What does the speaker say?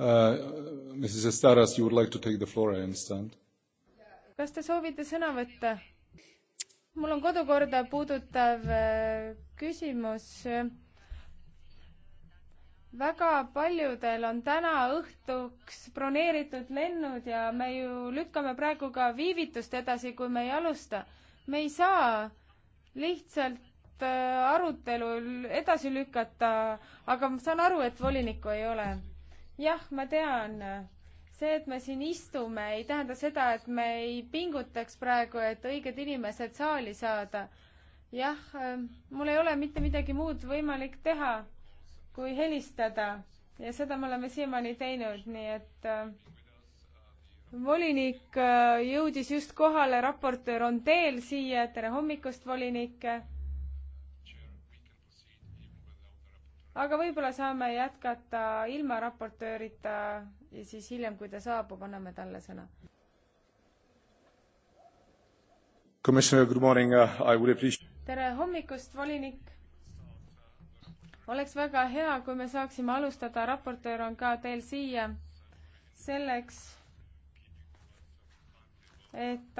Uh, Mrs Estaras, you would like to take the floor, I understand. kas te soovite sõna võtta? mul on kodukorda puudutav äh, küsimus. väga paljudel on täna õhtuks broneeritud lennud ja me ju lükkame praegu ka viivitust edasi, kui me ei alusta. me ei saa lihtsalt äh, arutelul edasi lükata, aga ma saan aru, et volinikku ei ole jah, ma tean, see, et me siin istume, ei tähenda seda, et me ei pingutaks praegu, et õiged inimesed saali saada. jah, mul ei ole mitte midagi muud võimalik teha, kui helistada ja seda me oleme siiamaani teinud, nii et äh, volinik äh, jõudis just kohale, raportöör on teel siia, tere hommikust, volinik aga võib-olla saame jätkata ilma raportöörita ja siis hiljem, kui ta saabub, anname talle sõna. Uh, tere hommikust, volinik! oleks väga hea, kui me saaksime alustada, raportöör on ka teil siia, selleks et